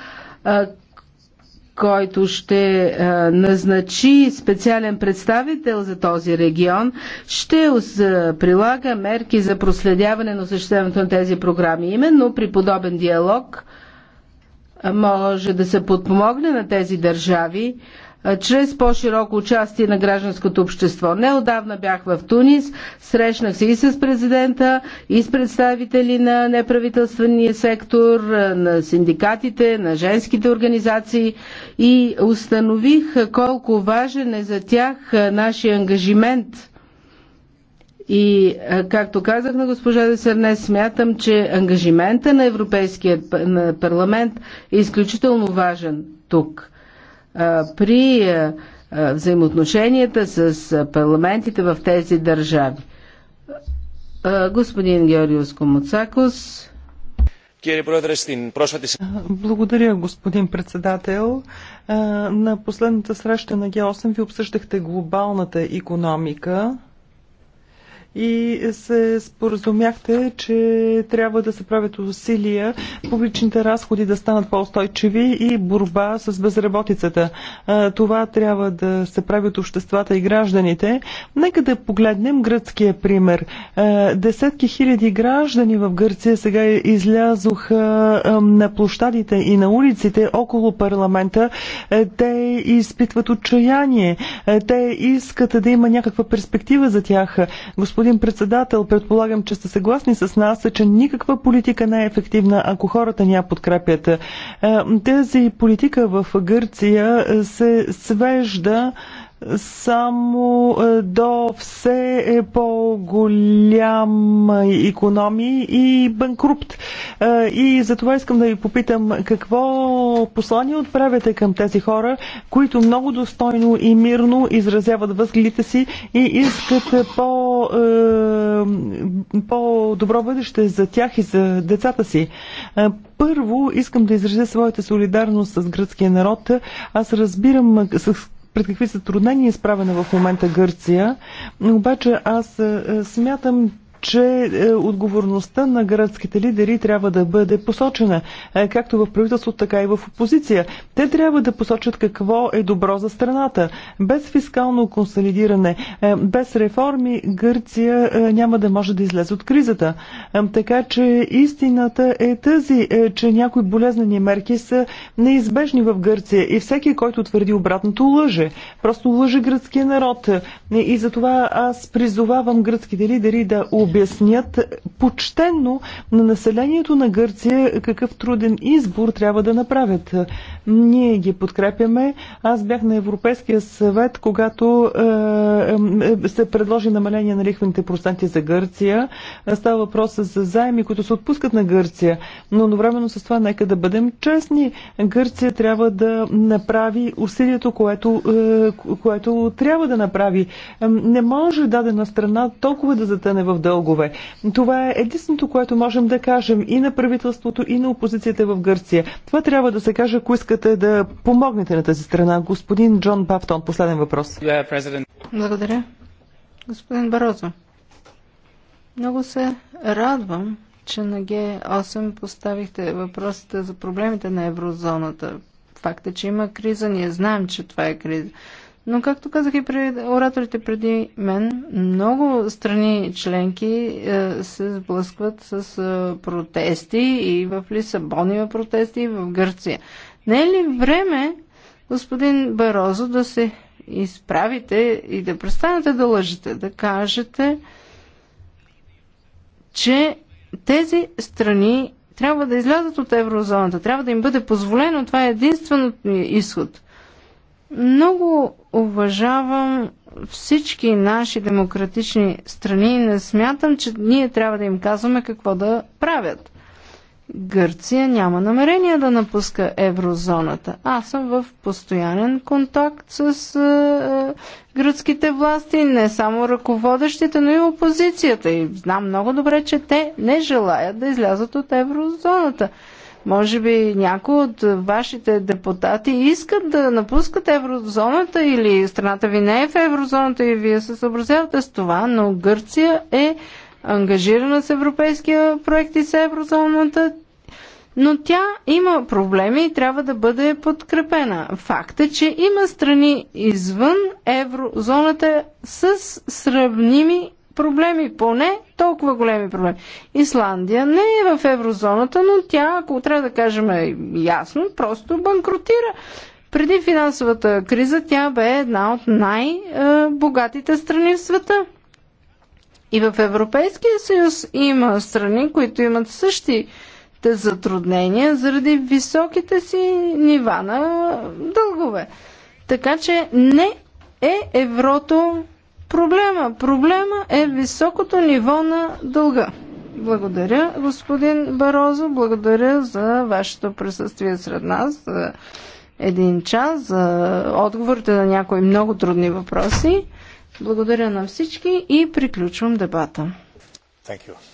който ще назначи специален представител за този регион, ще прилага мерки за проследяване на осъществяването на тези програми. Именно при подобен диалог може да се подпомогне на тези държави чрез по-широко участие на гражданското общество. Неодавна бях в Тунис, срещнах се и с президента, и с представители на неправителствения сектор, на синдикатите, на женските организации и установих колко важен е за тях нашия ангажимент. И, както казах на госпожа Десерне, смятам, че ангажимента на Европейския парламент е изключително важен тук при взаимоотношенията с парламентите в тези държави. Господин Георгиос Комоцакос. Благодаря, господин председател. На последната среща на Г8 ви обсъждахте глобалната економика и се споразумяхте, че трябва да се правят усилия публичните разходи да станат по-устойчиви и борба с безработицата. Това трябва да се прави от обществата и гражданите. Нека да погледнем гръцкия пример. Десетки хиляди граждани в Гърция сега излязоха на площадите и на улиците около парламента. Те изпитват отчаяние. Те искат да има някаква перспектива за тях. Господин господин председател, предполагам, че сте съгласни с нас, че никаква политика не е ефективна, ако хората ня подкрепят. Е, тази политика в Гърция е, се свежда само е, до все е, по-голям економии и банкрупт. Е, и за това искам да ви попитам какво послание отправяте към тези хора, които много достойно и мирно изразяват възгледите си и искат по, по-добро бъдеще за тях и за децата си. Първо искам да изразя своята солидарност с гръцкия народ. Аз разбирам с пред какви затруднения е изправена в момента Гърция. Обаче аз смятам, че е, отговорността на градските лидери трябва да бъде посочена, е, както в правителството, така и в опозиция. Те трябва да посочат какво е добро за страната. Без фискално консолидиране, е, без реформи, Гърция няма да може да излезе от кризата. Така че истината е тази, че някои болезнени мерки са неизбежни в Гърция и всеки, който твърди обратното, лъже. Просто лъже гръцкия народ. И затова аз призовавам гръцките лидери да обяснят почтенно на населението на Гърция какъв труден избор трябва да направят. Ние ги подкрепяме. Аз бях на Европейския съвет, когато е, е, се предложи намаление на лихвените проценти за Гърция. Става въпрос за заеми, които се отпускат на Гърция. Но едновременно с това нека да бъдем честни. Гърция трябва да направи усилието, което, е, което трябва да направи. Не може дадена страна толкова да затъне в дълг дългове. Това е единственото, което можем да кажем и на правителството, и на опозицията в Гърция. Това трябва да се каже, ако искате да помогнете на тази страна. Господин Джон Бафтон, последен въпрос. Благодаря. Господин Барозо, много се радвам, че на Г8 поставихте въпросите за проблемите на еврозоната. Факта, е, че има криза, ние знаем, че това е криза. Но, както казах и пред ораторите преди мен, много страни членки е, се сблъскват с е, протести и в Лисабон има протести и в Гърция. Не е ли време, господин Барозо, да се изправите и да престанете да лъжете, да кажете, че тези страни трябва да излязат от еврозоната, трябва да им бъде позволено. Това е единственото ни изход – много уважавам всички наши демократични страни и не смятам, че ние трябва да им казваме какво да правят. Гърция няма намерение да напуска еврозоната. Аз съм в постоянен контакт с е, е гръцките власти, не само ръководещите, но и опозицията. И знам много добре, че те не желаят да излязат от еврозоната. Може би някои от вашите депутати искат да напускат еврозоната или страната ви не е в еврозоната и вие се съобразявате с това, но Гърция е ангажирана с европейския проект и с еврозоната. Но тя има проблеми и трябва да бъде подкрепена. Факт е, че има страни извън еврозоната с сравними проблеми, поне толкова големи проблеми. Исландия не е в еврозоната, но тя, ако трябва да кажем ясно, просто банкротира. Преди финансовата криза тя бе една от най-богатите страни в света. И в Европейския съюз има страни, които имат същите затруднения заради високите си нива на дългове. Така че не е еврото проблема? Проблема е високото ниво на дълга. Благодаря, господин Барозо. Благодаря за вашето присъствие сред нас за един час, за отговорите на някои много трудни въпроси. Благодаря на всички и приключвам дебата. Thank you.